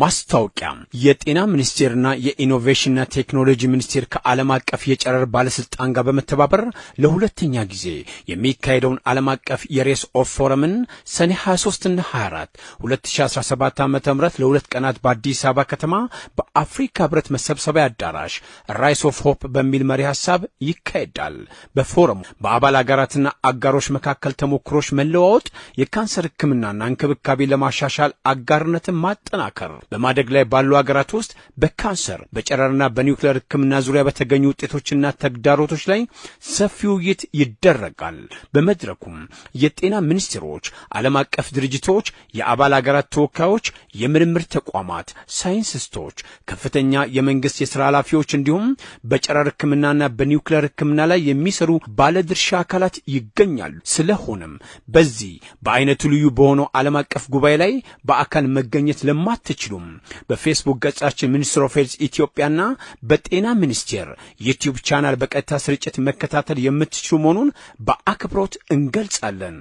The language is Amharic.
ማስታወቂያ የጤና ሚኒስቴርና የኢኖቬሽንና ቴክኖሎጂ ሚኒስቴር ከዓለም አቀፍ የጨረር ባለስልጣን ጋር በመተባበር ለሁለተኛ ጊዜ የሚካሄደውን ዓለም አቀፍ የሬስ ኦፍ ፎረምን ሰኔ 23ና 24 2017 ዓ ም ለሁለት ቀናት በአዲስ አበባ ከተማ በአፍሪካ ህብረት መሰብሰቢያ አዳራሽ ራይስ ኦፍ ሆፕ በሚል መሪ ሀሳብ ይካሄዳል። በፎረሙ በአባል አገራትና አጋሮች መካከል ተሞክሮች መለዋወጥ፣ የካንሰር ህክምናና እንክብካቤ ለማሻሻል አጋርነትን ማጠናከር በማደግ ላይ ባሉ አገራት ውስጥ በካንሰር በጨረርና በኒውክሌር ሕክምና ዙሪያ በተገኙ ውጤቶችና ተግዳሮቶች ላይ ሰፊ ውይይት ይደረጋል። በመድረኩም የጤና ሚኒስትሮች፣ ዓለም አቀፍ ድርጅቶች፣ የአባል አገራት ተወካዮች፣ የምርምር ተቋማት ሳይንስስቶች፣ ከፍተኛ የመንግስት የሥራ ኃላፊዎች እንዲሁም በጨረር ሕክምናና በኒውክሌር ሕክምና ላይ የሚሰሩ ባለድርሻ አካላት ይገኛሉ። ስለሆነም በዚህ በአይነቱ ልዩ በሆነው ዓለም አቀፍ ጉባኤ ላይ በአካል መገኘት ለማትችሉ በፌስቡክ ገጻችን ሚኒስትር ኦፍ ሄልዝ ኢትዮጵያና በጤና ሚኒስቴር ዩቲዩብ ቻናል በቀጥታ ስርጭት መከታተል የምትችሉ መሆኑን በአክብሮት እንገልጻለን።